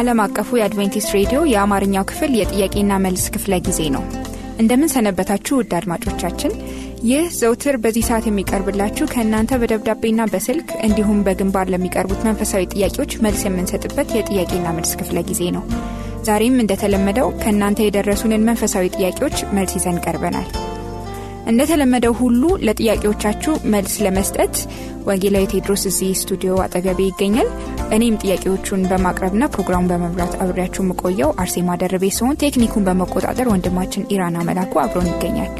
ዓለም አቀፉ የአድቬንቲስት ሬዲዮ የአማርኛው ክፍል የጥያቄና መልስ ክፍለ ጊዜ ነው እንደምን ሰነበታችሁ ውድ አድማጮቻችን ይህ ዘውትር በዚህ ሰዓት የሚቀርብላችሁ ከእናንተ በደብዳቤና በስልክ እንዲሁም በግንባር ለሚቀርቡት መንፈሳዊ ጥያቄዎች መልስ የምንሰጥበት የጥያቄና መልስ ክፍለ ጊዜ ነው ዛሬም እንደተለመደው ከእናንተ የደረሱንን መንፈሳዊ ጥያቄዎች መልስ ይዘን ቀርበናል እንደተለመደው ሁሉ ለጥያቄዎቻችሁ መልስ ለመስጠት ወንጌላዊ ቴድሮስ እዚህ ስቱዲዮ አጠገቤ ይገኛል እኔም ጥያቄዎቹን በማቅረብና ፕሮግራሙን በመምራት አብሬያችሁ የምቆየው አርሴ ማደረቤ ሲሆን ቴክኒኩን በመቆጣጠር ወንድማችን ኢራና አመላኩ አብሮን ይገኛል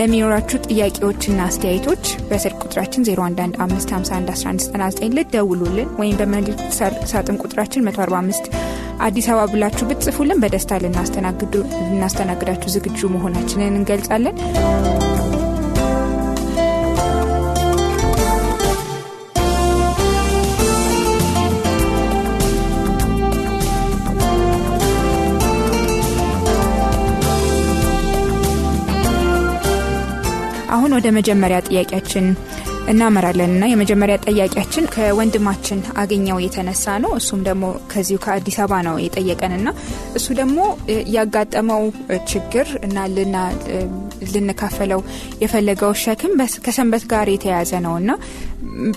ለሚኖራችሁ ጥያቄዎችና አስተያየቶች በስልክ ቁጥራችን 0115511199 ልደውሉልን ወይም በመልእክት ሳጥን ቁጥራችን 145 አዲስ አበባ ብላችሁ ብትጽፉልን በደስታ ልናስተናግዳችሁ ዝግጁ መሆናችንን እንገልጻለን አሁን ወደ መጀመሪያ ጥያቄያችን እናመራለን እና የመጀመሪያ ጥያቄያችን ከወንድማችን አገኘው የተነሳ ነው። እሱም ደግሞ ከዚሁ ከአዲስ አበባ ነው የጠየቀን ና እሱ ደግሞ ያጋጠመው ችግር እና ልንካፈለው የፈለገው ሸክም ከሰንበት ጋር የተያያዘ ነው እና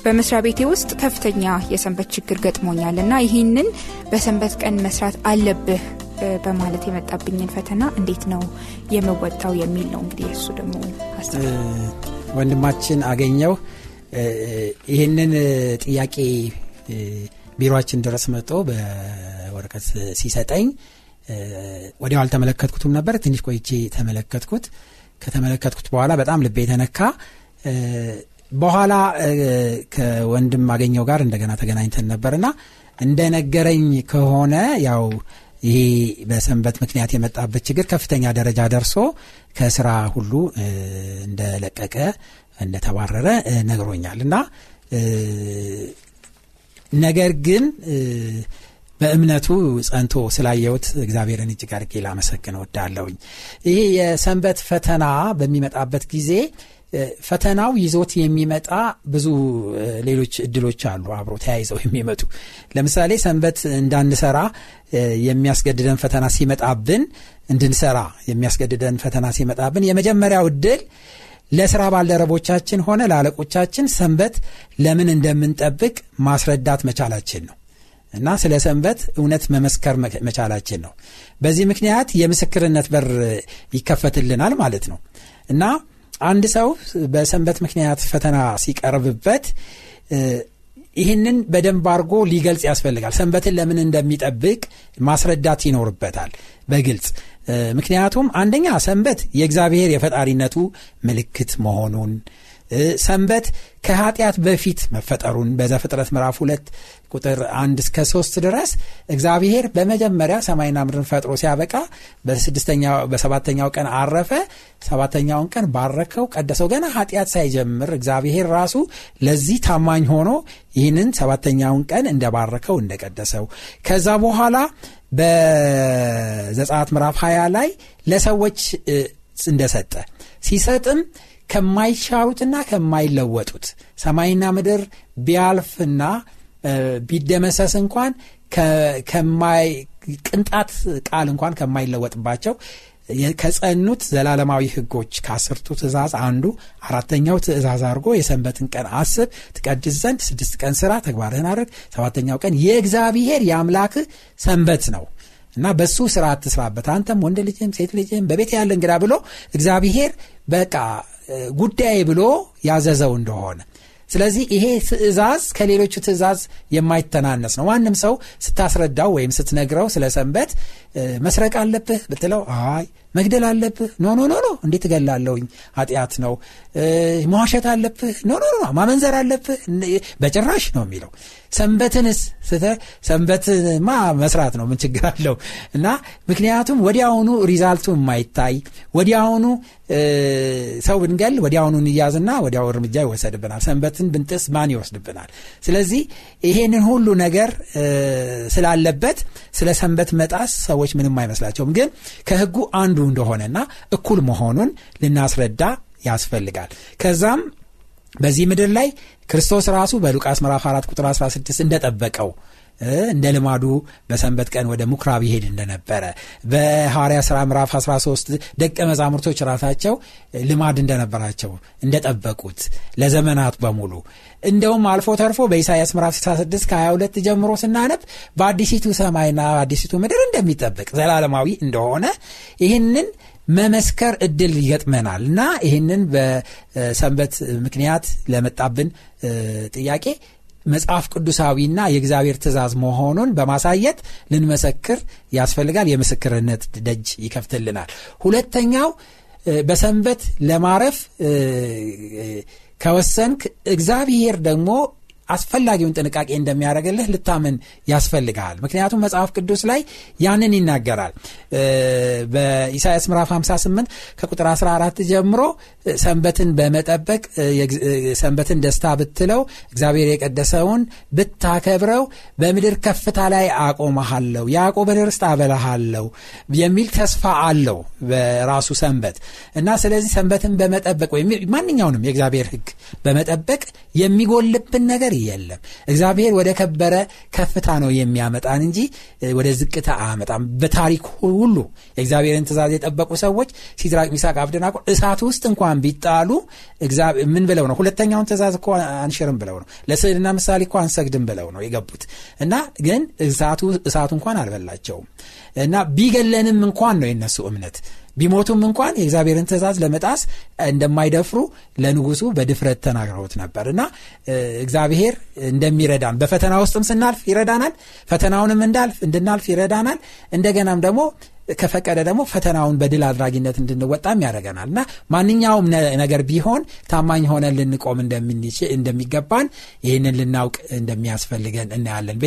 በመስሪያ ቤቴ ውስጥ ከፍተኛ የሰንበት ችግር ገጥሞኛል እና ይህንን በሰንበት ቀን መስራት አለብህ በማለት የመጣብኝን ፈተና እንዴት ነው የምወጣው የሚል ነው። እንግዲህ እሱ ደግሞ ወንድማችን አገኘው ይህንን ጥያቄ ቢሮችን ድረስ መጦ በወረቀት ሲሰጠኝ ወዲያው አልተመለከትኩትም ነበር። ትንሽ ቆይቼ ተመለከትኩት። ከተመለከትኩት በኋላ በጣም ልቤ የተነካ በኋላ ከወንድም አገኘው ጋር እንደገና ተገናኝተን ነበርና እንደነገረኝ ከሆነ ያው ይሄ በሰንበት ምክንያት የመጣበት ችግር ከፍተኛ ደረጃ ደርሶ ከስራ ሁሉ እንደለቀቀ እንደተባረረ ነግሮኛል እና ነገር ግን በእምነቱ ጸንቶ ስላየውት እግዚአብሔርን እጅግ አድርጌ ላመሰግን ወዳለውኝ ይሄ የሰንበት ፈተና በሚመጣበት ጊዜ ፈተናው ይዞት የሚመጣ ብዙ ሌሎች እድሎች አሉ አብሮ ተያይዘው የሚመጡ ለምሳሌ ሰንበት እንዳንሰራ የሚያስገድደን ፈተና ሲመጣብን እንድንሰራ የሚያስገድደን ፈተና ሲመጣብን የመጀመሪያው እድል ለስራ ባልደረቦቻችን ሆነ ለአለቆቻችን ሰንበት ለምን እንደምንጠብቅ ማስረዳት መቻላችን ነው እና ስለ ሰንበት እውነት መመስከር መቻላችን ነው በዚህ ምክንያት የምስክርነት በር ይከፈትልናል ማለት ነው እና አንድ ሰው በሰንበት ምክንያት ፈተና ሲቀርብበት ይህንን በደንብ አድርጎ ሊገልጽ ያስፈልጋል። ሰንበትን ለምን እንደሚጠብቅ ማስረዳት ይኖርበታል በግልጽ ምክንያቱም አንደኛ ሰንበት የእግዚአብሔር የፈጣሪነቱ ምልክት መሆኑን ሰንበት ከኃጢአት በፊት መፈጠሩን በዘፍጥረት ምዕራፍ ሁለት ቁጥር አንድ እስከ ሶስት ድረስ እግዚአብሔር በመጀመሪያ ሰማይና ምድርን ፈጥሮ ሲያበቃ በሰባተኛው ቀን አረፈ። ሰባተኛውን ቀን ባረከው፣ ቀደሰው። ገና ኃጢአት ሳይጀምር እግዚአብሔር ራሱ ለዚህ ታማኝ ሆኖ ይህንን ሰባተኛውን ቀን እንደባረከው እንደቀደሰው ከዛ በኋላ በዘጻት ምዕራፍ 20 ላይ ለሰዎች እንደሰጠ ሲሰጥም ከማይሻሩትና ከማይለወጡት ሰማይና ምድር ቢያልፍና ቢደመሰስ እንኳን ቅንጣት ቃል እንኳን ከማይለወጥባቸው ከጸኑት ዘላለማዊ ህጎች ከአስርቱ ትእዛዝ አንዱ አራተኛው ትእዛዝ አድርጎ የሰንበትን ቀን አስብ ትቀድስ ዘንድ ስድስት ቀን ስራ ተግባርህን አድርግ ሰባተኛው ቀን የእግዚአብሔር የአምላክ ሰንበት ነው እና በሱ ስራ አትስራበት አንተም ወንድ ልጅም ሴት ልጅም በቤት ያለ እንግዳ ብሎ እግዚአብሔር በቃ ጉዳይ ብሎ ያዘዘው እንደሆነ ስለዚህ ይሄ ትእዛዝ ከሌሎቹ ትእዛዝ የማይተናነስ ነው። ማንም ሰው ስታስረዳው ወይም ስትነግረው ስለ ሰንበት መስረቅ አለብህ ብትለው አይ መግደል አለብህ ኖ ኖ ኖ ኖ እንዴት እገላለውኝ ኃጢአት ነው መዋሸት አለብህ ኖ ኖ ኖ ማመንዘር አለብህ በጭራሽ ነው የሚለው ሰንበትንስ ስተ ሰንበትማ መስራት ነው ምን ችግር አለው እና ምክንያቱም ወዲያውኑ ሪዛልቱ የማይታይ ወዲያውኑ ሰው ብንገል ወዲያውኑ እንያዝና ወዲያው እርምጃ ይወሰድብናል ሰንበትን ብንጥስ ማን ይወስድብናል ስለዚህ ይሄንን ሁሉ ነገር ስላለበት ስለ ሰንበት መጣስ ሰዎች ምንም አይመስላቸውም ግን ከህጉ አንዱ እንደሆነና እኩል መሆኑን ልናስረዳ ያስፈልጋል። ከዛም በዚህ ምድር ላይ ክርስቶስ ራሱ በሉቃስ ምዕራፍ 4 ቁጥር 16 እንደጠበቀው እንደ ልማዱ በሰንበት ቀን ወደ ምኩራብ ይሄድ እንደነበረ በሐዋርያ ሥራ ምዕራፍ 13 ደቀ መዛሙርቶች ራሳቸው ልማድ እንደነበራቸው እንደጠበቁት ለዘመናት በሙሉ እንደውም አልፎ ተርፎ በኢሳይያስ ምዕራፍ 66 ከ22 ጀምሮ ስናነብ በአዲሲቱ ሰማይና በአዲሲቱ ምድር እንደሚጠበቅ ዘላለማዊ እንደሆነ ይህንን መመስከር እድል ይገጥመናል እና ይህንን በሰንበት ምክንያት ለመጣብን ጥያቄ መጽሐፍ ቅዱሳዊና የእግዚአብሔር ትእዛዝ መሆኑን በማሳየት ልንመሰክር ያስፈልጋል። የምስክርነት ደጅ ይከፍትልናል። ሁለተኛው በሰንበት ለማረፍ ከወሰንክ እግዚአብሔር ደግሞ አስፈላጊውን ጥንቃቄ እንደሚያደርግልህ ልታምን ያስፈልግሃል። ምክንያቱም መጽሐፍ ቅዱስ ላይ ያንን ይናገራል። በኢሳያስ ምራፍ 58 ከቁጥር 14 ጀምሮ ሰንበትን በመጠበቅ ሰንበትን ደስታ ብትለው፣ እግዚአብሔር የቀደሰውን ብታከብረው፣ በምድር ከፍታ ላይ አቆመሃለሁ፣ የአቆበን ርስት አበላሃለሁ የሚል ተስፋ አለው በራሱ ሰንበት እና ስለዚህ ሰንበትን በመጠበቅ ወይም ማንኛውንም የእግዚአብሔር ህግ በመጠበቅ የሚጎልብን ነገር የለም። እግዚአብሔር ወደ ከበረ ከፍታ ነው የሚያመጣን እንጂ ወደ ዝቅታ አያመጣም። በታሪክ ሁሉ የእግዚአብሔርን ትእዛዝ የጠበቁ ሰዎች ሲድራቅ፣ ሚሳቅ፣ አብደናቆ እሳት ውስጥ እንኳን ቢጣሉ ምን ብለው ነው? ሁለተኛውን ትእዛዝ እኮ አንሽርም ብለው ነው። ለስዕልና ምሳሌ እኮ አንሰግድም ብለው ነው የገቡት እና ግን እሳቱ እንኳን አልበላቸውም እና ቢገለንም እንኳን ነው የነሱ እምነት ቢሞቱም እንኳን የእግዚአብሔርን ትእዛዝ ለመጣስ እንደማይደፍሩ ለንጉሱ በድፍረት ተናግረውት ነበር እና እግዚአብሔር እንደሚረዳን በፈተና ውስጥም ስናልፍ ይረዳናል። ፈተናውንም እንዳልፍ እንድናልፍ ይረዳናል። እንደገናም ደግሞ ከፈቀደ ደግሞ ፈተናውን በድል አድራጊነት እንድንወጣም ያደረገናል እና ማንኛውም ነገር ቢሆን ታማኝ ሆነን ልንቆም እንደሚገባን ይህንን ልናውቅ እንደሚያስፈልገን እናያለን።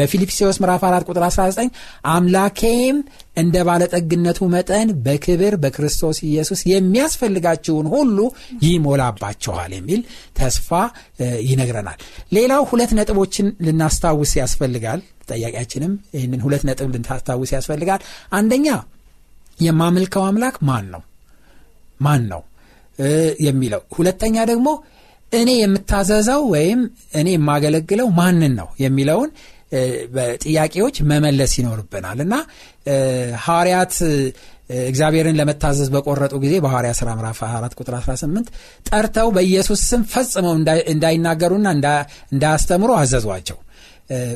በፊልጵስዎስ ምራፍ 4 ቁጥር 19 አምላኬም እንደ ባለጠግነቱ መጠን በክብር በክርስቶስ ኢየሱስ የሚያስፈልጋችሁን ሁሉ ይሞላባችኋል የሚል ተስፋ ይነግረናል። ሌላው ሁለት ነጥቦችን ልናስታውስ ያስፈልጋል። ጠያቂያችንም ይህንን ሁለት ነጥብ ልናስታውስ ያስፈልጋል። አንደኛ የማመልከው አምላክ ማን ነው ማን ነው የሚለው ሁለተኛ ደግሞ እኔ የምታዘዘው ወይም እኔ የማገለግለው ማንን ነው የሚለውን ጥያቄዎች መመለስ ይኖርብናል እና ሐዋርያት እግዚአብሔርን ለመታዘዝ በቆረጡ ጊዜ በሐዋርያ ሥራ ምራፍ 4 ቁጥር 18 ጠርተው በኢየሱስ ስም ፈጽመው እንዳይናገሩና እንዳያስተምሩ አዘዟቸው።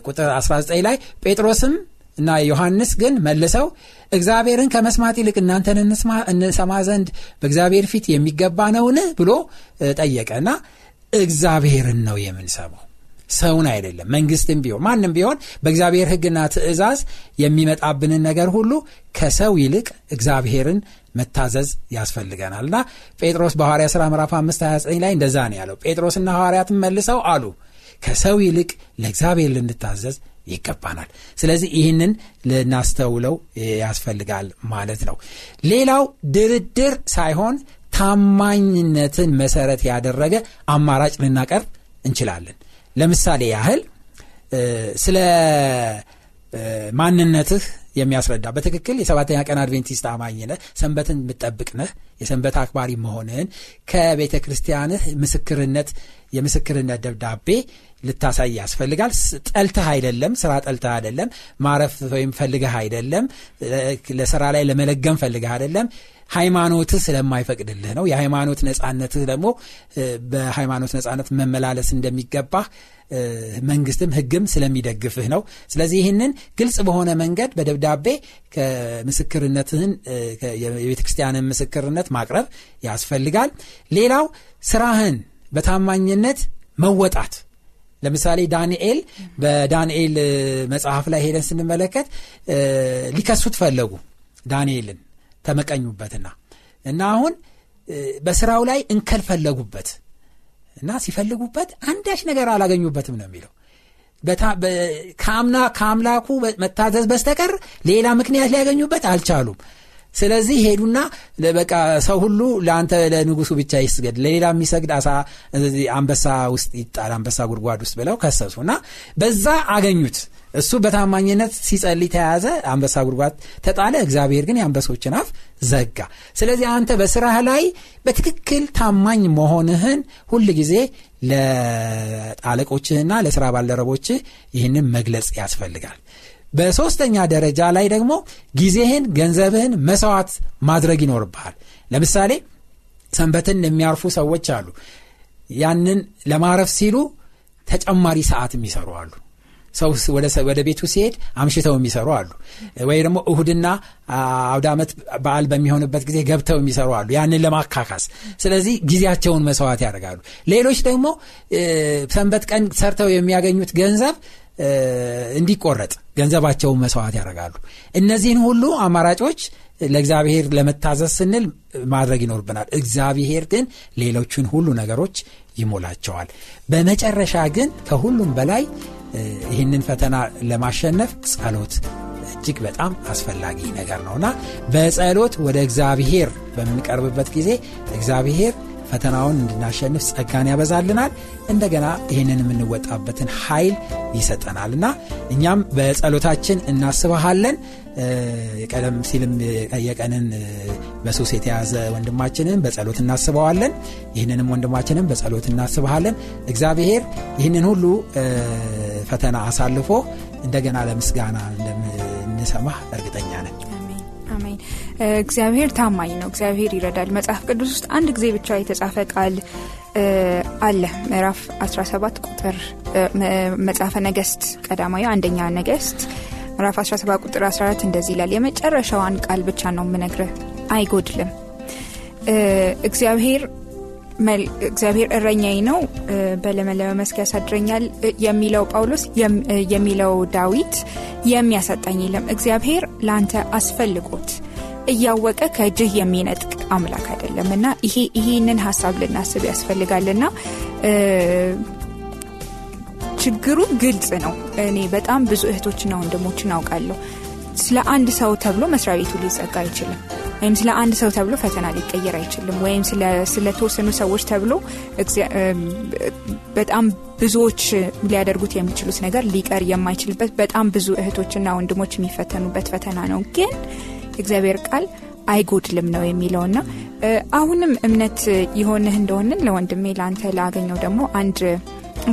ቁጥር 19 ላይ ጴጥሮስም እና ዮሐንስ ግን መልሰው እግዚአብሔርን ከመስማት ይልቅ እናንተን እንሰማ ዘንድ በእግዚአብሔር ፊት የሚገባ ነውን ብሎ ጠየቀ እና እግዚአብሔርን ነው የምንሰማው ሰውን አይደለም። መንግስትም ቢሆን ማንም ቢሆን በእግዚአብሔር ህግና ትእዛዝ የሚመጣብንን ነገር ሁሉ ከሰው ይልቅ እግዚአብሔርን መታዘዝ ያስፈልገናል እና ጴጥሮስ በሐዋርያ ሥራ ምዕራፍ 5 29 ላይ እንደዛ ነው ያለው። ጴጥሮስና ሐዋርያትን መልሰው አሉ ከሰው ይልቅ ለእግዚአብሔር ልንታዘዝ ይገባናል። ስለዚህ ይህንን ልናስተውለው ያስፈልጋል ማለት ነው። ሌላው ድርድር ሳይሆን ታማኝነትን መሰረት ያደረገ አማራጭ ልናቀርብ እንችላለን። ለምሳሌ ያህል ስለ ማንነትህ የሚያስረዳ በትክክል የሰባተኛ ቀን አድቬንቲስት አማኝ ነህ፣ ሰንበትን የምጠብቅ ነህ፣ የሰንበት አክባሪ መሆንህን ከቤተ ክርስቲያንህ ምስክርነት የምስክርነት ደብዳቤ ልታሳይ ያስፈልጋል። ጠልተህ አይደለም፣ ስራ ጠልተህ አይደለም፣ ማረፍ ወይም ፈልገህ አይደለም፣ ለስራ ላይ ለመለገም ፈልገህ አይደለም። ሃይማኖትህ ስለማይፈቅድልህ ነው። የሃይማኖት ነጻነትህ ደግሞ በሃይማኖት ነጻነት መመላለስ እንደሚገባህ መንግስትም ህግም ስለሚደግፍህ ነው። ስለዚህ ይህንን ግልጽ በሆነ መንገድ በደብ ደብዳቤ ከምስክርነትህን የቤተ ክርስቲያንን ምስክርነት ማቅረብ ያስፈልጋል። ሌላው ስራህን በታማኝነት መወጣት ለምሳሌ ዳንኤል በዳንኤል መጽሐፍ ላይ ሄደን ስንመለከት ሊከሱት ፈለጉ ዳንኤልን ተመቀኙበትና እና አሁን በስራው ላይ እንከል ፈለጉበት እና ሲፈልጉበት አንዳች ነገር አላገኙበትም ነው የሚለው ከአምና ከአምላኩ መታዘዝ በስተቀር ሌላ ምክንያት ሊያገኙበት አልቻሉም። ስለዚህ ሄዱና በቃ ሰው ሁሉ ለአንተ ለንጉሱ ብቻ ይስገድ፣ ለሌላ የሚሰግድ አሳ አንበሳ ውስጥ ይጣል፣ አንበሳ ጉድጓድ ውስጥ ብለው ከሰሱና በዛ አገኙት። እሱ በታማኝነት ሲጸልይ ተያዘ፣ አንበሳ ጉድጓድ ተጣለ። እግዚአብሔር ግን የአንበሶችን አፍ ዘጋ። ስለዚህ አንተ በስራህ ላይ በትክክል ታማኝ መሆንህን ሁል ጊዜ ለአለቆችህና ለስራ ባልደረቦችህ ይህንን መግለጽ ያስፈልጋል። በሶስተኛ ደረጃ ላይ ደግሞ ጊዜህን፣ ገንዘብህን መስዋዕት ማድረግ ይኖርብሃል። ለምሳሌ ሰንበትን የሚያርፉ ሰዎች አሉ። ያንን ለማረፍ ሲሉ ተጨማሪ ሰዓት የሚሰሩ አሉ። ሰው ወደ ቤቱ ሲሄድ አምሽተው የሚሰሩ አሉ። ወይ ደግሞ እሁድና አውደ ዓመት በዓል በሚሆንበት ጊዜ ገብተው የሚሰሩ አሉ፣ ያንን ለማካካስ። ስለዚህ ጊዜያቸውን መስዋዕት ያደርጋሉ። ሌሎች ደግሞ ሰንበት ቀን ሰርተው የሚያገኙት ገንዘብ እንዲቆረጥ ገንዘባቸውን መስዋዕት ያደርጋሉ። እነዚህን ሁሉ አማራጮች ለእግዚአብሔር ለመታዘዝ ስንል ማድረግ ይኖርብናል። እግዚአብሔር ግን ሌሎችን ሁሉ ነገሮች ይሞላቸዋል። በመጨረሻ ግን ከሁሉም በላይ ይህንን ፈተና ለማሸነፍ ጸሎት እጅግ በጣም አስፈላጊ ነገር ነውና በጸሎት ወደ እግዚአብሔር በምንቀርብበት ጊዜ እግዚአብሔር ፈተናውን እንድናሸንፍ ጸጋን ያበዛልናል። እንደገና ይህንን የምንወጣበትን ኃይል ይሰጠናልና እኛም በጸሎታችን እናስበሃለን። ቀደም ሲልም የቀንን በሱስ የተያዘ ወንድማችንን በጸሎት እናስበዋለን። ይህንንም ወንድማችንን በጸሎት እናስበሃለን። እግዚአብሔር ይህንን ሁሉ ፈተና አሳልፎ እንደገና ለምስጋና እንደምንሰማህ እርግጠኛ ነን አሜን እግዚአብሔር ታማኝ ነው እግዚአብሔር ይረዳል መጽሐፍ ቅዱስ ውስጥ አንድ ጊዜ ብቻ የተጻፈ ቃል አለ ምዕራፍ 17 ቁጥር መጽሐፈ ነገስት ቀዳማዊ አንደኛ ነገስት ምዕራፍ 17 ቁጥር 14 እንደዚህ ይላል የመጨረሻዋን ቃል ብቻ ነው ምነግርህ አይጎድልም እግዚአብሔር እግዚአብሔር እረኛዬ ነው በለመለመ መስክ ያሳድረኛል የሚለው ጳውሎስ የሚለው ዳዊት የሚያሳጣኝ የለም እግዚአብሔር ለአንተ አስፈልጎት እያወቀ ከእጅህ የሚነጥቅ አምላክ አይደለም እና ይህንን ሀሳብ ልናስብ ና ችግሩ ግልጽ ነው እኔ በጣም ብዙ እህቶችና ወንድሞችን አውቃለሁ ስለ አንድ ሰው ተብሎ መስሪያ ቤቱ ሊዘጋ አይችልም ወይም ስለ አንድ ሰው ተብሎ ፈተና ሊቀየር አይችልም። ወይም ስለተወሰኑ ሰዎች ተብሎ በጣም ብዙዎች ሊያደርጉት የሚችሉት ነገር ሊቀር የማይችልበት በጣም ብዙ እህቶችና ወንድሞች የሚፈተኑበት ፈተና ነው። ግን እግዚአብሔር ቃል አይጎድልም ነው የሚለውና አሁንም እምነት የሆንህ እንደሆንን ለወንድሜ ለአንተ ላገኘው ደግሞ አንድ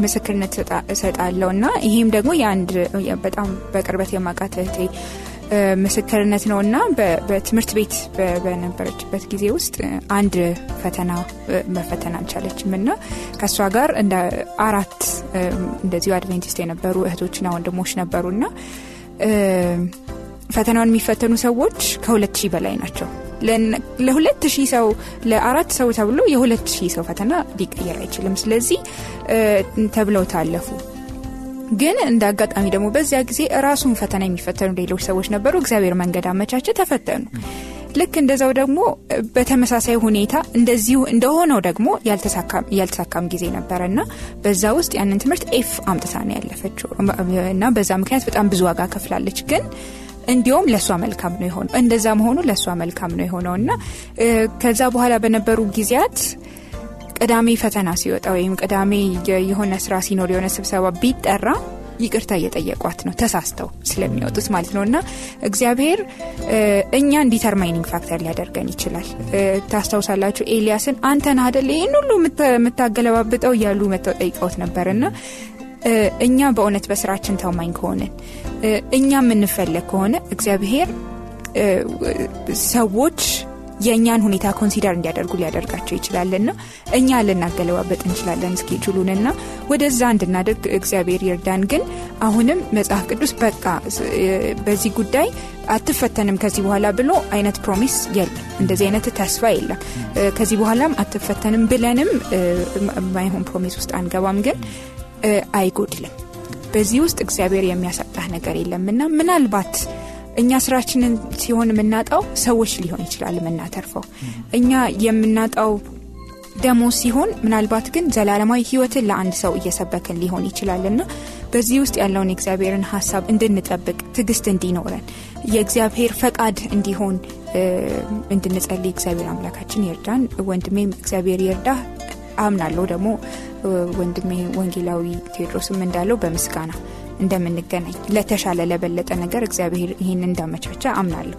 ምስክርነት እሰጣለሁ እና ይህም ደግሞ የአንድ በጣም በቅርበት የማቃት እህቴ ምስክርነት ነው እና በትምህርት ቤት በነበረችበት ጊዜ ውስጥ አንድ ፈተና መፈተን አልቻለችም እና ከእሷ ጋር እንደ አራት እንደዚሁ አድቬንቲስት የነበሩ እህቶችና ወንድሞች ነበሩ እና ፈተናውን የሚፈተኑ ሰዎች ከሁለት ሺህ በላይ ናቸው ለሁለት ሺህ ሰው ለአራት ሰው ተብሎ የሁለት ሺህ ሰው ፈተና ሊቀየር አይችልም ስለዚህ ተብለው ታለፉ ግን እንደ አጋጣሚ ደግሞ በዚያ ጊዜ ራሱን ፈተና የሚፈተኑ ሌሎች ሰዎች ነበሩ። እግዚአብሔር መንገድ አመቻቸ፣ ተፈተኑ። ልክ እንደዛው ደግሞ በተመሳሳይ ሁኔታ እንደዚሁ እንደሆነው ደግሞ ያልተሳካም ጊዜ ነበረ እና በዛ ውስጥ ያንን ትምህርት ኤፍ አምጥታ ነው ያለፈችው እና በዛ ምክንያት በጣም ብዙ ዋጋ ከፍላለች ግን እንዲሁም ለእሷ መልካም ነው የሆነው እንደዛ መሆኑ ለእሷ መልካም ነው የሆነው እና ከዛ በኋላ በነበሩ ጊዜያት ቅዳሜ ፈተና ሲወጣ ወይም ቅዳሜ የሆነ ስራ ሲኖር የሆነ ስብሰባ ቢጠራ ይቅርታ እየጠየቋት ነው ተሳስተው ስለሚወጡት ማለት ነው እና እግዚአብሔር እኛ ዲተርማይኒንግ ፋክተር ሊያደርገን ይችላል ታስታውሳላችሁ ኤልያስን አንተን አደል ይህን ሁሉ የምታገለባብጠው እያሉ መተው ጠይቀውት ነበር እና እኛ በእውነት በስራችን ተማኝ ከሆንን እኛ የምንፈለግ ከሆነ እግዚአብሔር ሰዎች የእኛን ሁኔታ ኮንሲደር እንዲያደርጉ ሊያደርጋቸው ይችላልና እኛ ልናገለባበጥ እንችላለን እስኬጁሉንና ወደዛ እንድናደርግ እግዚአብሔር ይርዳን ግን አሁንም መጽሐፍ ቅዱስ በቃ በዚህ ጉዳይ አትፈተንም ከዚህ በኋላ ብሎ አይነት ፕሮሚስ የለም እንደዚህ አይነት ተስፋ የለም ከዚህ በኋላም አትፈተንም ብለንም ማይሆን ፕሮሚስ ውስጥ አንገባም ግን አይጎድልም በዚህ ውስጥ እግዚአብሔር የሚያሳጣህ ነገር የለምና ምናልባት እኛ ስራችንን ሲሆን የምናጣው ሰዎች ሊሆን ይችላል የምናተርፈው እኛ የምናጣው ደሞ ሲሆን ምናልባት ግን ዘላለማዊ ህይወትን ለአንድ ሰው እየሰበክን ሊሆን ይችላል እና በዚህ ውስጥ ያለውን የእግዚአብሔርን ሀሳብ እንድንጠብቅ ትግስት እንዲኖረን የእግዚአብሔር ፈቃድ እንዲሆን እንድንጸል እግዚአብሔር አምላካችን ይርዳን ወንድሜም እግዚአብሔር ይርዳ አምናለሁ ደግሞ ወንድሜ ወንጌላዊ ቴድሮስም እንዳለው በምስጋና እንደምንገናኝ ለተሻለ ለበለጠ ነገር እግዚአብሔር ይህን እንዳመቻቸ አምናለሁ።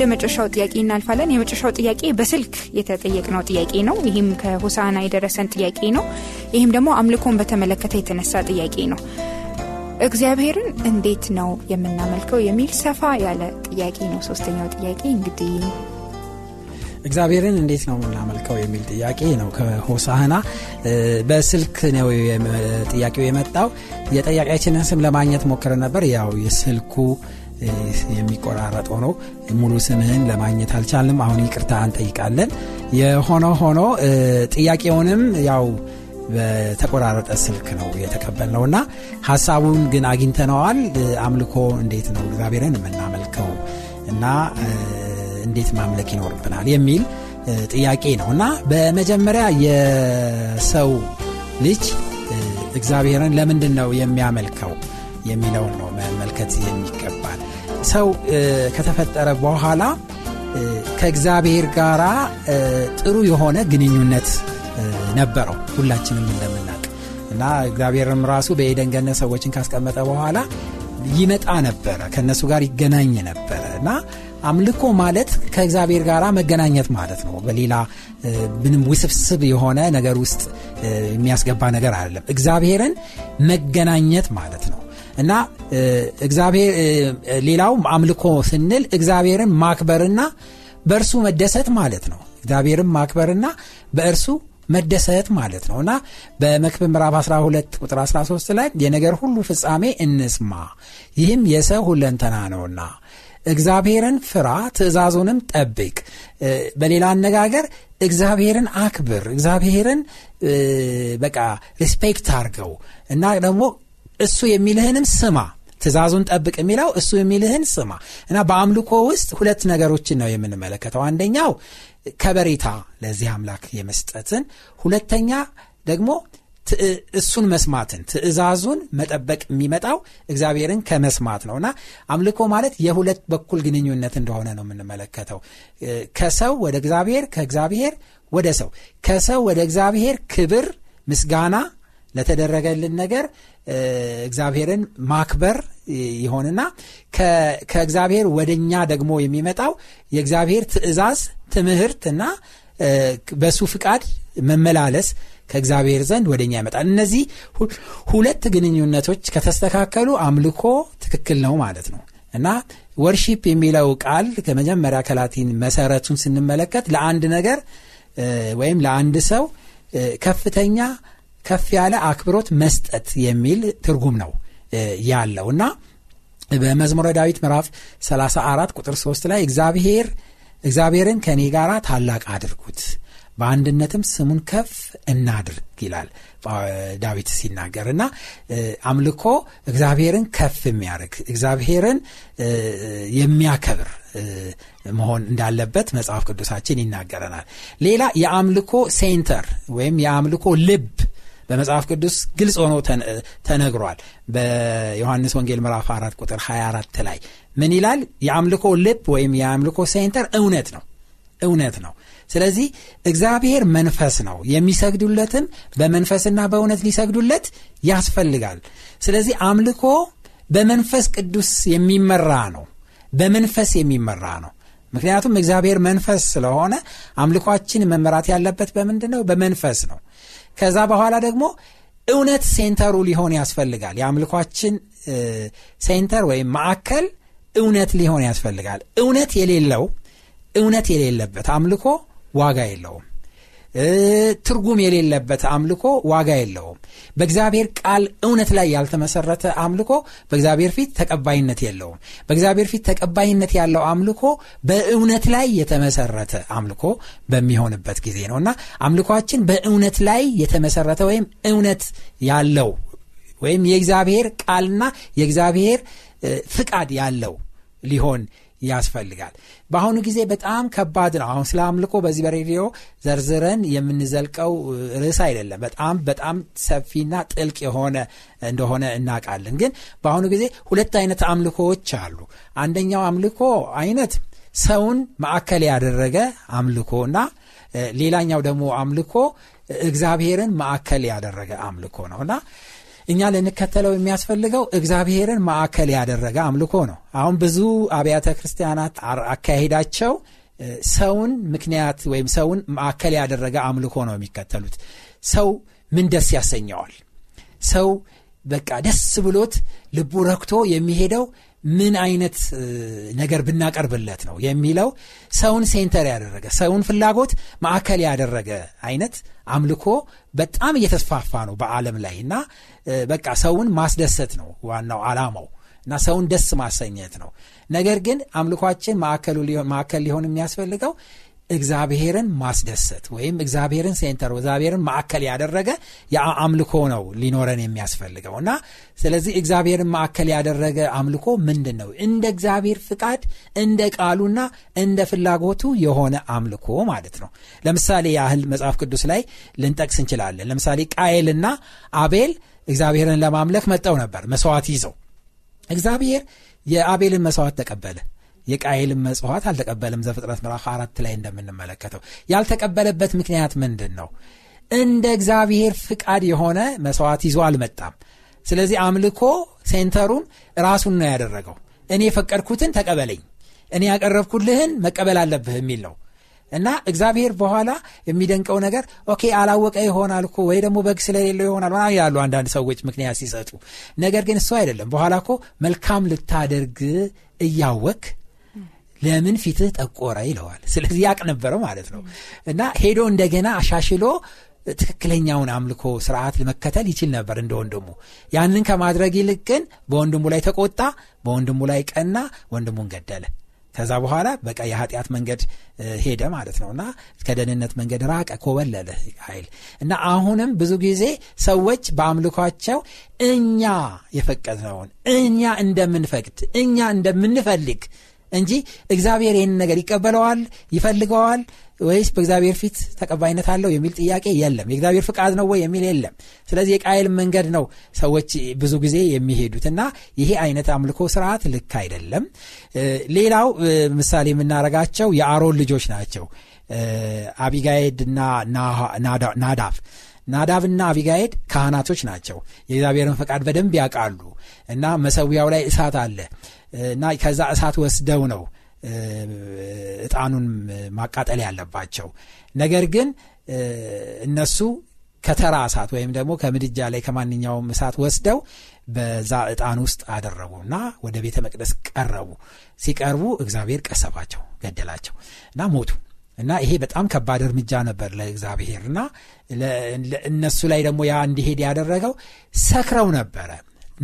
ወደ መጨሻው ጥያቄ እናልፋለን። የመጨሻው ጥያቄ በስልክ የተጠየቅነው ጥያቄ ነው። ይህም ከሁሳና የደረሰን ጥያቄ ነው። ይህም ደግሞ አምልኮን በተመለከተ የተነሳ ጥያቄ ነው። እግዚአብሔርን እንዴት ነው የምናመልከው የሚል ሰፋ ያለ ጥያቄ ነው። ሶስተኛው ጥያቄ እንግዲህ እግዚአብሔርን እንዴት ነው የምናመልከው የሚል ጥያቄ ነው። ከሆሳህና በስልክ ነው ጥያቄው የመጣው። የጠያቂያችንን ስም ለማግኘት ሞክረ ነበር። ያው የስልኩ የሚቆራረጥ ሆኖ ሙሉ ስምህን ለማግኘት አልቻልም አሁን ይቅርታ እንጠይቃለን። የሆነ ሆኖ ጥያቄውንም ያው በተቆራረጠ ስልክ ነው ነው እና ሀሳቡን ግን አግኝተነዋል። አምልኮ እንዴት ነው እግዚአብሔርን የምናመልከው እና እንዴት ማምለክ ይኖርብናል የሚል ጥያቄ ነው እና በመጀመሪያ የሰው ልጅ እግዚአብሔርን ለምንድን ነው የሚያመልከው የሚለውን ነው መመልከት የሚገባል። ሰው ከተፈጠረ በኋላ ከእግዚአብሔር ጋር ጥሩ የሆነ ግንኙነት ነበረው ሁላችንም እንደምናቅ እና እግዚአብሔርም ራሱ በኤደን ሰዎችን ካስቀመጠ በኋላ ይመጣ ነበረ ከእነሱ ጋር ይገናኝ ነበረ እና አምልኮ ማለት ከእግዚአብሔር ጋር መገናኘት ማለት ነው በሌላ ምንም ውስብስብ የሆነ ነገር ውስጥ የሚያስገባ ነገር አይደለም እግዚአብሔርን መገናኘት ማለት ነው እና እግዚአብሔር ሌላው አምልኮ ስንል እግዚአብሔርን ማክበርና በእርሱ መደሰት ማለት ነው እግዚአብሔርን ማክበርና በእርሱ መደሰት ማለት ነው እና በመክብብ ምዕራፍ 12 ቁጥር 13 ላይ የነገር ሁሉ ፍጻሜ እንስማ፣ ይህም የሰው ሁለንተና ነውና እግዚአብሔርን ፍራ፣ ትእዛዙንም ጠብቅ። በሌላ አነጋገር እግዚአብሔርን አክብር፣ እግዚአብሔርን በቃ ሪስፔክት አርገው እና ደግሞ እሱ የሚልህንም ስማ ትእዛዙን ጠብቅ የሚለው እሱ የሚልህን ስማ እና በአምልኮ ውስጥ ሁለት ነገሮችን ነው የምንመለከተው አንደኛው ከበሬታ ለዚህ አምላክ የመስጠትን ሁለተኛ ደግሞ እሱን መስማትን ትእዛዙን መጠበቅ የሚመጣው እግዚአብሔርን ከመስማት ነው እና አምልኮ ማለት የሁለት በኩል ግንኙነት እንደሆነ ነው የምንመለከተው ከሰው ወደ እግዚአብሔር ከእግዚአብሔር ወደ ሰው ከሰው ወደ እግዚአብሔር ክብር ምስጋና ለተደረገልን ነገር እግዚአብሔርን ማክበር ይሆንና ከእግዚአብሔር ወደኛ ደግሞ የሚመጣው የእግዚአብሔር ትእዛዝ ትምህርትና በሱ ፍቃድ መመላለስ ከእግዚአብሔር ዘንድ ወደኛ ይመጣል። እነዚህ ሁለት ግንኙነቶች ከተስተካከሉ አምልኮ ትክክል ነው ማለት ነው እና ወርሺፕ የሚለው ቃል ከመጀመሪያ ከላቲን መሰረቱን ስንመለከት ለአንድ ነገር ወይም ለአንድ ሰው ከፍተኛ ከፍ ያለ አክብሮት መስጠት የሚል ትርጉም ነው ያለው እና በመዝሙረ ዳዊት ምዕራፍ 34 ቁጥር 3 ላይ እግዚአብሔር እግዚአብሔርን ከእኔ ጋር ታላቅ አድርጉት በአንድነትም ስሙን ከፍ እናድርግ ይላል ዳዊት ሲናገር እና አምልኮ እግዚአብሔርን ከፍ የሚያደርግ እግዚአብሔርን የሚያከብር መሆን እንዳለበት መጽሐፍ ቅዱሳችን ይናገረናል። ሌላ የአምልኮ ሴንተር ወይም የአምልኮ ልብ በመጽሐፍ ቅዱስ ግልጽ ሆኖ ተነግሯል። በዮሐንስ ወንጌል ምዕራፍ አራት ቁጥር 24 ላይ ምን ይላል? የአምልኮ ልብ ወይም የአምልኮ ሴንተር እውነት ነው እውነት ነው። ስለዚህ እግዚአብሔር መንፈስ ነው። የሚሰግዱለትም በመንፈስና በእውነት ሊሰግዱለት ያስፈልጋል። ስለዚህ አምልኮ በመንፈስ ቅዱስ የሚመራ ነው። በመንፈስ የሚመራ ነው። ምክንያቱም እግዚአብሔር መንፈስ ስለሆነ አምልኳችን መመራት ያለበት በምንድን ነው? በመንፈስ ነው። ከዛ በኋላ ደግሞ እውነት ሴንተሩ ሊሆን ያስፈልጋል። የአምልኳችን ሴንተር ወይም ማዕከል እውነት ሊሆን ያስፈልጋል። እውነት የሌለው እውነት የሌለበት አምልኮ ዋጋ የለውም። ትርጉም የሌለበት አምልኮ ዋጋ የለውም። በእግዚአብሔር ቃል እውነት ላይ ያልተመሰረተ አምልኮ በእግዚአብሔር ፊት ተቀባይነት የለውም። በእግዚአብሔር ፊት ተቀባይነት ያለው አምልኮ በእውነት ላይ የተመሰረተ አምልኮ በሚሆንበት ጊዜ ነው እና አምልኳችን በእውነት ላይ የተመሰረተ ወይም እውነት ያለው ወይም የእግዚአብሔር ቃልና የእግዚአብሔር ፍቃድ ያለው ሊሆን ያስፈልጋል። በአሁኑ ጊዜ በጣም ከባድ ነው። አሁን ስለ አምልኮ በዚህ በሬዲዮ ዘርዝረን የምንዘልቀው ርዕስ አይደለም። በጣም በጣም ሰፊና ጥልቅ የሆነ እንደሆነ እናውቃለን። ግን በአሁኑ ጊዜ ሁለት አይነት አምልኮዎች አሉ። አንደኛው አምልኮ አይነት ሰውን ማዕከል ያደረገ አምልኮ እና ሌላኛው ደግሞ አምልኮ እግዚአብሔርን ማዕከል ያደረገ አምልኮ ነውና እኛ ልንከተለው የሚያስፈልገው እግዚአብሔርን ማዕከል ያደረገ አምልኮ ነው። አሁን ብዙ አብያተ ክርስቲያናት አካሄዳቸው ሰውን ምክንያት ወይም ሰውን ማዕከል ያደረገ አምልኮ ነው የሚከተሉት። ሰው ምን ደስ ያሰኘዋል? ሰው በቃ ደስ ብሎት ልቡ ረክቶ የሚሄደው ምን አይነት ነገር ብናቀርብለት ነው የሚለው ሰውን ሴንተር ያደረገ ሰውን ፍላጎት ማዕከል ያደረገ አይነት አምልኮ በጣም እየተስፋፋ ነው በአለም ላይ እና በቃ ሰውን ማስደሰት ነው ዋናው አላማው እና ሰውን ደስ ማሰኘት ነው። ነገር ግን አምልኳችን ማዕከል ሊሆን የሚያስፈልገው እግዚአብሔርን ማስደሰት ወይም እግዚአብሔርን ሴንተር እግዚአብሔርን ማዕከል ያደረገ አምልኮ ነው ሊኖረን የሚያስፈልገው እና ስለዚህ እግዚአብሔርን ማዕከል ያደረገ አምልኮ ምንድን ነው? እንደ እግዚአብሔር ፍቃድ እንደ ቃሉና እንደ ፍላጎቱ የሆነ አምልኮ ማለት ነው። ለምሳሌ ያህል መጽሐፍ ቅዱስ ላይ ልንጠቅስ እንችላለን። ለምሳሌ ቃየልና አቤል እግዚአብሔርን ለማምለክ መጠው ነበር መስዋዕት ይዘው። እግዚአብሔር የአቤልን መስዋዕት ተቀበለ። የቃየልን መጽዋት አልተቀበለም ዘፍጥረት ምዕራፍ አራት ላይ እንደምንመለከተው ያልተቀበለበት ምክንያት ምንድን ነው? እንደ እግዚአብሔር ፍቃድ የሆነ መስዋዕት ይዞ አልመጣም። ስለዚህ አምልኮ ሴንተሩን ራሱን ነው ያደረገው። እኔ የፈቀድኩትን ተቀበለኝ፣ እኔ ያቀረብኩልህን መቀበል አለብህ የሚል ነው እና እግዚአብሔር በኋላ የሚደንቀው ነገር ኦኬ አላወቀ ይሆናል እኮ ወይ ደግሞ በግ ስለሌለው ይሆናል ምናምን አንዳንድ ሰዎች ምክንያት ሲሰጡ። ነገር ግን እሱ አይደለም። በኋላ እኮ መልካም ልታደርግ እያወክ ለምን ፊትህ ጠቆረ ይለዋል። ስለዚህ ያቅ ነበረ ማለት ነው እና ሄዶ እንደገና አሻሽሎ ትክክለኛውን አምልኮ ስርዓት መከተል ይችል ነበር እንደ ወንድሙ። ያንን ከማድረግ ይልቅ ግን በወንድሙ ላይ ተቆጣ፣ በወንድሙ ላይ ቀና፣ ወንድሙን ገደለ። ከዛ በኋላ በቃ የኃጢአት መንገድ ሄደ ማለት ነው እና ከደህንነት መንገድ ራቀ፣ ኮበለለ ይል እና አሁንም ብዙ ጊዜ ሰዎች በአምልኳቸው እኛ የፈቀድነውን እኛ እንደምንፈቅድ እኛ እንደምንፈልግ እንጂ እግዚአብሔር ይህን ነገር ይቀበለዋል፣ ይፈልገዋል ወይስ በእግዚአብሔር ፊት ተቀባይነት አለው የሚል ጥያቄ የለም። የእግዚአብሔር ፍቃድ ነው ወይ የሚል የለም። ስለዚህ የቃየል መንገድ ነው ሰዎች ብዙ ጊዜ የሚሄዱት እና ይሄ አይነት አምልኮ ስርዓት ልክ አይደለም። ሌላው ምሳሌ የምናረጋቸው የአሮን ልጆች ናቸው አቢጋይድና ናዳፍ ናዳብና አቢጋኤድ ካህናቶች ናቸው። የእግዚአብሔርን ፈቃድ በደንብ ያውቃሉ እና መሰዊያው ላይ እሳት አለ እና ከዛ እሳት ወስደው ነው እጣኑን ማቃጠል ያለባቸው። ነገር ግን እነሱ ከተራ እሳት ወይም ደግሞ ከምድጃ ላይ ከማንኛውም እሳት ወስደው በዛ እጣን ውስጥ አደረጉ እና ወደ ቤተ መቅደስ ቀረቡ። ሲቀርቡ እግዚአብሔር ቀሰባቸው፣ ገደላቸው እና ሞቱ። እና ይሄ በጣም ከባድ እርምጃ ነበር ለእግዚአብሔር እና እነሱ ላይ ደግሞ ያ እንዲሄድ ያደረገው ሰክረው ነበረ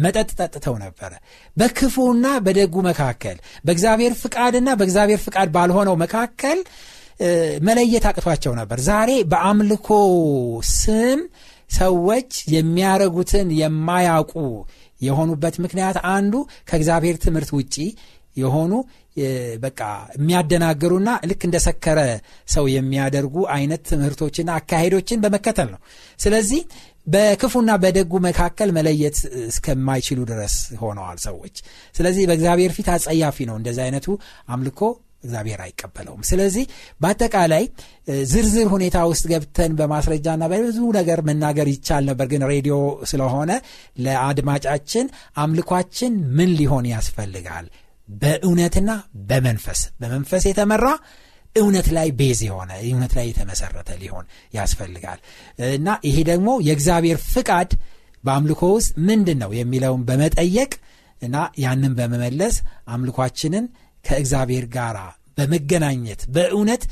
መጠጥ ጠጥተው ነበረ። በክፉና በደጉ መካከል፣ በእግዚአብሔር ፍቃድና በእግዚአብሔር ፍቃድ ባልሆነው መካከል መለየት አቅቷቸው ነበር። ዛሬ በአምልኮ ስም ሰዎች የሚያረጉትን የማያውቁ የሆኑበት ምክንያት አንዱ ከእግዚአብሔር ትምህርት ውጪ የሆኑ በቃ የሚያደናግሩና ልክ እንደሰከረ ሰው የሚያደርጉ አይነት ትምህርቶችና አካሄዶችን በመከተል ነው። ስለዚህ በክፉና በደጉ መካከል መለየት እስከማይችሉ ድረስ ሆነዋል ሰዎች። ስለዚህ በእግዚአብሔር ፊት አጸያፊ ነው። እንደዚህ አይነቱ አምልኮ እግዚአብሔር አይቀበለውም። ስለዚህ በአጠቃላይ ዝርዝር ሁኔታ ውስጥ ገብተን በማስረጃና በብዙ ነገር መናገር ይቻል ነበር፣ ግን ሬዲዮ ስለሆነ ለአድማጫችን አምልኳችን ምን ሊሆን ያስፈልጋል በእውነትና በመንፈስ በመንፈስ የተመራ እውነት ላይ ቤዝ የሆነ እውነት ላይ የተመሰረተ ሊሆን ያስፈልጋል እና ይሄ ደግሞ የእግዚአብሔር ፍቃድ በአምልኮ ውስጥ ምንድን ነው የሚለውን በመጠየቅ እና ያንን በመመለስ አምልኳችንን ከእግዚአብሔር ጋር በመገናኘት በእውነት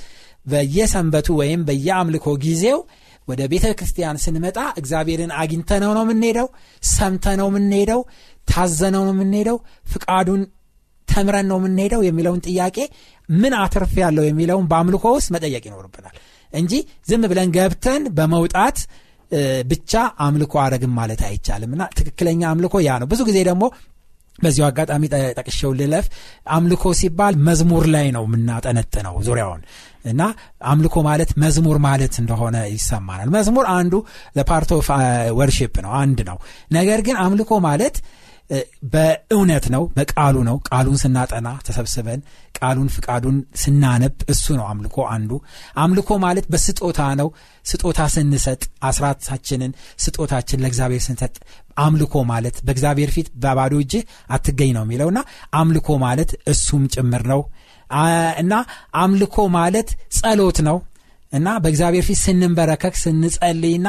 በየሰንበቱ ወይም በየአምልኮ ጊዜው ወደ ቤተ ክርስቲያን ስንመጣ እግዚአብሔርን አግኝተነው ነው የምንሄደው ሰምተነው የምንሄደው ታዘነው ነው የምንሄደው ፍቃዱን ተምረን ነው የምንሄደው የሚለውን ጥያቄ ምን አትርፍ ያለው የሚለውን በአምልኮ ውስጥ መጠየቅ ይኖርብናል እንጂ ዝም ብለን ገብተን በመውጣት ብቻ አምልኮ አረግም ማለት አይቻልም እና ትክክለኛ አምልኮ ያ ነው ብዙ ጊዜ ደግሞ በዚሁ አጋጣሚ ጠቅሸው ልለፍ አምልኮ ሲባል መዝሙር ላይ ነው የምናጠነጥነው ዙሪያውን እና አምልኮ ማለት መዝሙር ማለት እንደሆነ ይሰማናል መዝሙር አንዱ ለፓርት ኦፍ ነው አንድ ነው ነገር ግን አምልኮ ማለት በእውነት ነው፣ በቃሉ ነው። ቃሉን ስናጠና ተሰብስበን ቃሉን ፍቃዱን ስናነብ እሱ ነው አምልኮ አንዱ። አምልኮ ማለት በስጦታ ነው። ስጦታ ስንሰጥ አስራታችንን ስጦታችን ለእግዚአብሔር ስንሰጥ አምልኮ ማለት በእግዚአብሔር ፊት በባዶ እጅህ አትገኝ ነው የሚለውና አምልኮ ማለት እሱም ጭምር ነው እና አምልኮ ማለት ጸሎት ነው እና በእግዚአብሔር ፊት ስንንበረከክ ስንጸልይና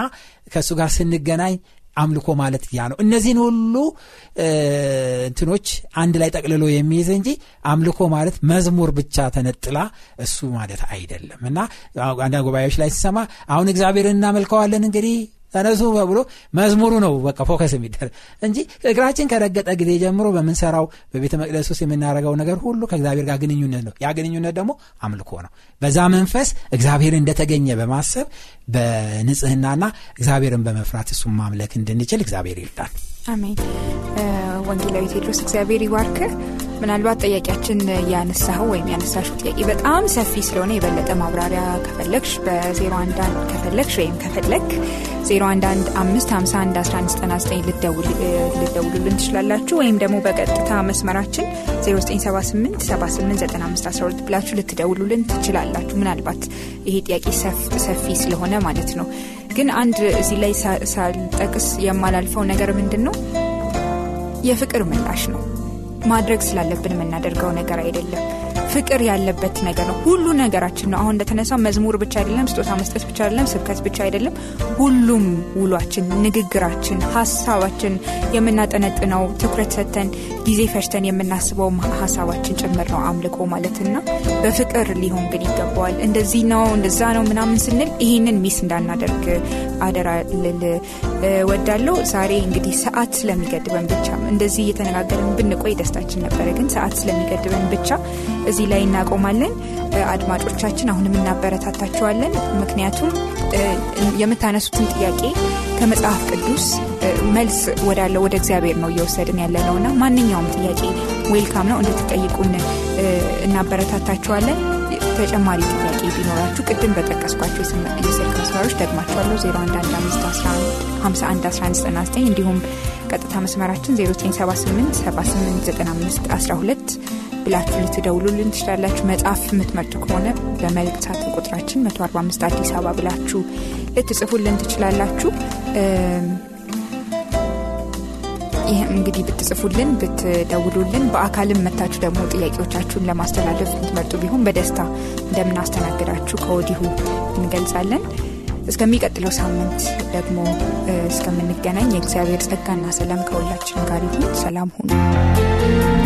ከእሱ ጋር ስንገናኝ አምልኮ ማለት ያ ነው። እነዚህን ሁሉ እንትኖች አንድ ላይ ጠቅልሎ የሚይዝ እንጂ አምልኮ ማለት መዝሙር ብቻ ተነጥላ እሱ ማለት አይደለም እና አንዳንድ ጉባኤዎች ላይ ሲሰማ አሁን እግዚአብሔርን እናመልከዋለን እንግዲህ ተነሱ ብሎ መዝሙሩ ነው በቃ ፎከስ የሚደረግ እንጂ እግራችን ከረገጠ ጊዜ ጀምሮ በምንሰራው በቤተ መቅደስ ውስጥ የምናደርገው ነገር ሁሉ ከእግዚአብሔር ጋር ግንኙነት ነው። ያ ግንኙነት ደግሞ አምልኮ ነው። በዛ መንፈስ እግዚአብሔር እንደተገኘ በማሰብ በንጽህናና እግዚአብሔርን በመፍራት እሱን ማምለክ እንድንችል እግዚአብሔር ይልዳል። አሜን። ወንጌላዊ ቴድሮስ እግዚአብሔር ይባርክ። ምናልባት ጥያቄያችን ያነሳኸው ወይም ያነሳሽው ጥያቄ በጣም ሰፊ ስለሆነ የበለጠ ማብራሪያ ከፈለግሽ በ011 ከፈለግሽ ወይም ከፈለግ 011551199 ልደውሉልን ትችላላችሁ ወይም ደግሞ በቀጥታ መስመራችን 0978789512 ብላችሁ ልትደውሉልን ትችላላችሁ። ምናልባት ይሄ ጥያቄ ሰፊ ስለሆነ ማለት ነው። ግን አንድ እዚህ ላይ ሳልጠቅስ የማላልፈው ነገር ምንድን ነው የፍቅር ምላሽ ነው። ማድረግ ስላለብን የምናደርገው ነገር አይደለም። ፍቅር ያለበት ነገር ነው ሁሉ ነገራችን ነው አሁን እንደተነሳ መዝሙር ብቻ አይደለም ስጦታ መስጠት ብቻ አይደለም ስብከት ብቻ አይደለም ሁሉም ውሏችን ንግግራችን ሀሳባችን የምናጠነጥነው ትኩረት ሰተን ጊዜ ፈሽተን የምናስበው ሀሳባችን ጭምር ነው አምልኮ ማለትና በፍቅር ሊሆን ግን ይገባዋል እንደዚህ ነው እንደዛ ነው ምናምን ስንል ይህንን ሚስ እንዳናደርግ አደራልል ወዳለው ዛሬ እንግዲህ ሰዓት ስለሚገድበን ብቻ እንደዚህ እየተነጋገርን ብንቆይ ደስታችን ነበረ ግን ሰዓት ስለሚገድበን ብቻ እዚህ ላይ እናቆማለን። አድማጮቻችን አሁንም እናበረታታችኋለን። ምክንያቱም የምታነሱትን ጥያቄ ከመጽሐፍ ቅዱስ መልስ ወዳለው ወደ እግዚአብሔር ነው እየወሰድን ያለ ነውና ማንኛውም ጥያቄ ዌልካም ነው እንድትጠይቁን እናበረታታችኋለን። ተጨማሪ ጥያቄ ቢኖራችሁ ቅድም በጠቀስኳቸው የስልክ መስመሮች ደግማችኋለሁ 0115111199 እንዲሁም ቀጥታ መስመራችን 0978789512 ብላችሁ ልትደውሉልን ትችላላችሁ። መጽሐፍ የምትመርጡ ከሆነ በመልእክታት ቁጥራችን 145 አዲስ አበባ ብላችሁ ልትጽፉልን ትችላላችሁ። ይህ እንግዲህ ብትጽፉልን ብትደውሉልን፣ በአካልም መታችሁ ደግሞ ጥያቄዎቻችሁን ለማስተላለፍ የምትመርጡ ቢሆን በደስታ እንደምናስተናግዳችሁ ከወዲሁ እንገልጻለን። እስከሚቀጥለው ሳምንት ደግሞ እስከምንገናኝ የእግዚአብሔር ጸጋና ሰላም ከሁላችን ጋር ይሁን። ሰላም ሁኑ።